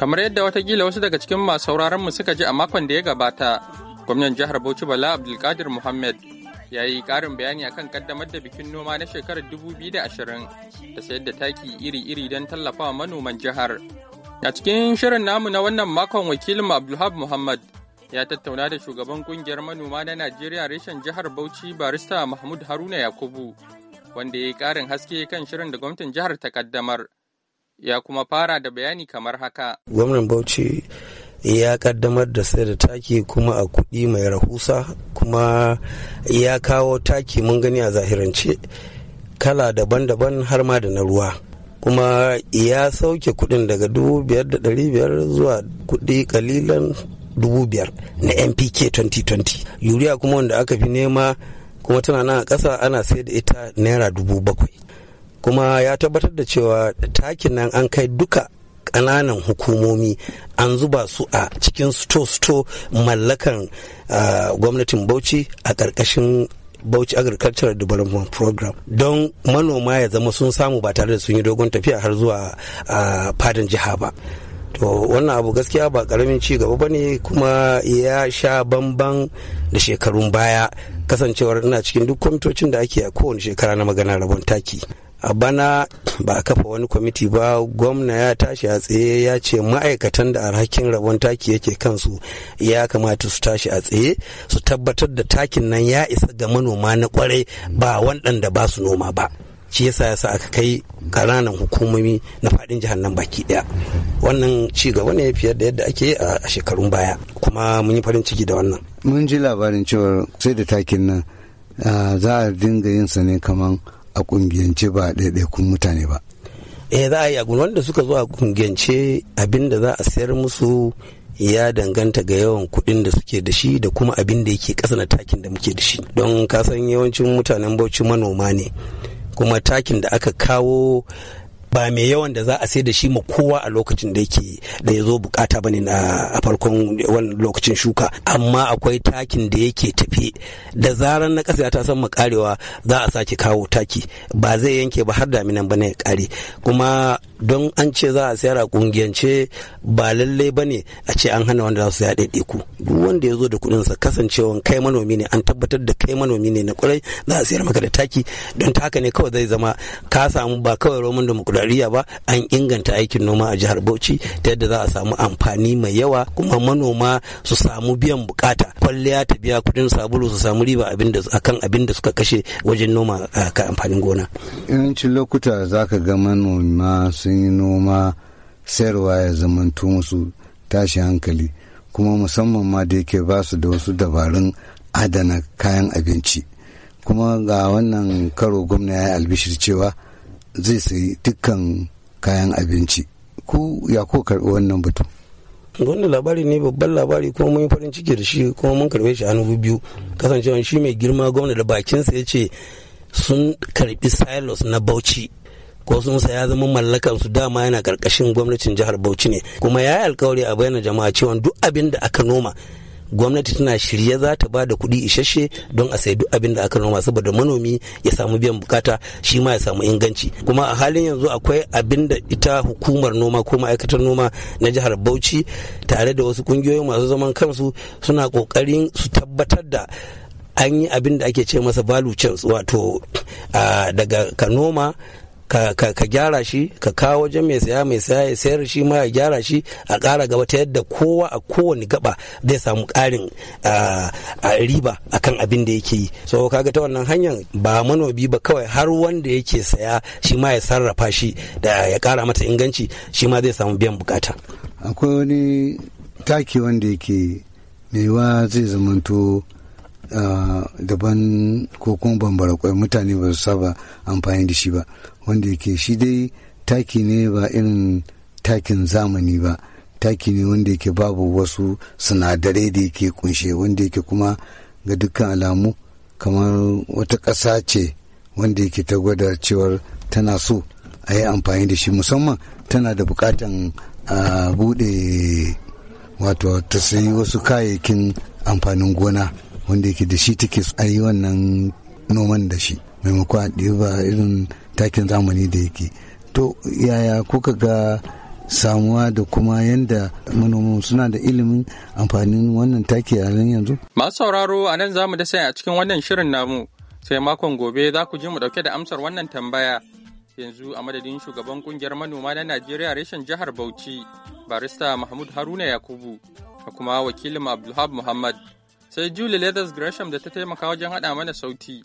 kamar yadda watakila wasu daga cikin masu sauraron mu suka ji a makon da ya gabata gwamnan jihar bauchi bala abdulkadir muhammad ya yi karin bayani akan kaddamar da bikin noma na shekarar 2020 da sayar da taki iri-iri don tallafawa manoman jihar a cikin shirin namu na wannan makon wakilin abdulhab muhammad ya tattauna da shugaban kungiyar manoma na najeriya reshen jihar bauchi barista mahmud haruna yakubu wanda ya yi ƙarin haske kan shirin da gwamnatin jihar ta kaddamar ya kuma fara da bayani kamar haka. Gwamnan Bauchi ya kaddamar da sai da taki kuma a kuɗi mai rahusa kuma ya kawo taki mun gani a zahirance kala daban-daban har ma da na ruwa. kuma ya sauke kuɗin daga 5,500 zuwa kuɗi kalilan 5,000 na mpk 2020 yuriya kuma wanda aka fi nema kuma tana nan a ƙasa ana sai da ita naira dubu kuma ya tabbatar da cewa takin nan an kai duka ƙananan hukumomi an zuba su a cikin sto-sto mallakan uh, gwamnatin bauchi a ƙarƙashin Bauchi Agricultural Development Program don manoma ya zama sun samu ba tare da sun yi dogon tafiya har zuwa uh, fadin jiha ba. To wannan abu gaskiya ba karamin ci gaba ba ne kuma ya sha bamban da shekarun baya kasancewar ina cikin duk kwamitocin da ake a kowane shekara na magana rabon taki. a bana ba a kafa wani kwamiti ba gwamna ya tashi a tsaye ya ce ma'aikatan da alhakin rabon taki yake kansu ya kamata su tashi a tsaye su tabbatar da takin nan ya isa ga manoma na kwarai ba waɗanda ba su noma ba shi yasa yasa aka kai ƙananan hukumomi na faɗin jihar nan baki ɗaya wannan ci gaba ne fiye da yadda ake a shekarun baya kuma mun yi farin ciki da wannan mun ji labarin cewa sai da takin nan za a dinga yin sa ne kaman. a kungiyance ba ɗaiɗaikun mutane ba eh za a yi agun wanda suka zo a kungiyance abin da za a sayar musu ya danganta ga yawan kuɗin da suke da shi da kuma abin da yake ƙasa na takin da muke da shi don ka san yawancin mutanen bauchi manoma ne kuma takin da aka kawo ba mai yawan da za a sai da shi ma kowa a lokacin da yake da ya zo bukata bane na a farkon wannan lokacin shuka amma akwai takin da yake tafi da zarar na kasa ta san ma karewa za a sake kawo taki ba zai yanke ba har daminan bane ya kare kuma don an ce za a sayar a kungiyance ba lalle ba ne a ce an hana wanda za su saya ɗaiɗaiku duk wanda ya zo da kuɗin sa kasancewan kai manomi ne an tabbatar da kai manomi ne na kwarai za a sayar maka da taki don ta haka ne kawai zai zama ka samu ba kawai roman mukudariya ba an inganta aikin noma a jihar bauchi ta yadda za a samu amfani mai yawa kuma manoma su samu biyan bukata kwalliya ta biya kuɗin sabulu su samu riba akan abin da suka kashe wajen noma ka amfanin gona. yawancin lokuta za ka ga manoma su sun yi noma sayarwa ya zamanto musu tashi hankali kuma musamman ma da yake ba su da wasu dabarun adana kayan abinci kuma ga wannan karo gwamna ya yi albishir cewa zai sayi dukkan kayan abinci ku ya ko karɓi wannan batu wannan labari ne babban labari kuma mun yi farin ciki da shi kuma mun karbe shi hannu biyu kasancewa shi mai girma gwamna da bakinsa ya ce sun karɓi silos na bauchi ko sun sa ya zama mallakan su dama yana karkashin gwamnatin jihar Bauchi ne kuma ya yi alkawari a bayyana jama'a cewa duk abin da aka noma gwamnati tana shirye za ta ba da kuɗi isasshe don a sayi duk abin da aka noma saboda manomi ya samu biyan bukata shi ma ya samu inganci kuma a halin yanzu akwai abin da ita hukumar noma ko ma'aikatar noma na jihar bauchi tare da wasu kungiyoyi masu zaman kansu suna kokarin su tabbatar da an yi abin da ake ce masa value wato daga ka noma ka gyara shi ka kawo wajen mai saya mai saya ya sayar shi ma ya gyara shi a ƙara gaba ta yadda kowa a kowane gaba zai samu ƙarin riba akan abin da yake yi so kaga ta wannan hanyar ba manobi ba kawai har wanda yake saya shi ma ya sarrafa shi da ya ƙara mata inganci shi ma zai samu biyan bukata akwai wani taki wanda yake maiwa zai zamanto daban ko kuma bambara mutane ba su saba amfani da shi ba wanda yake shi dai taki ne ba irin takin zamani ba taki ne wanda yake babu wasu sinadarai da yake kunshe wanda yake kuma ga dukkan alamu kamar wata ƙasa ce wanda yake ta gwada cewar tana so a yi amfani da shi musamman tana da bukatan a bude wato ta sayi wasu kayayyakin amfanin gona wanda yake da shi take a yi wannan noman da shi maimakon a ɗiba irin takin zamani da yake to yaya kuka ga samuwa da kuma yadda manoman suna da ilimin amfanin wannan taki a nan yanzu masu sauraro a nan zamu da sai a cikin wannan shirin namu sai makon gobe za ku ji mu dauke da amsar wannan tambaya yanzu a madadin shugaban kungiyar manoma na najeriya reshen jihar bauchi barista mahmud haruna yakubu da kuma wakilin abdulhab muhammad sai julie leathers gresham da ta taimaka wajen haɗa mana sauti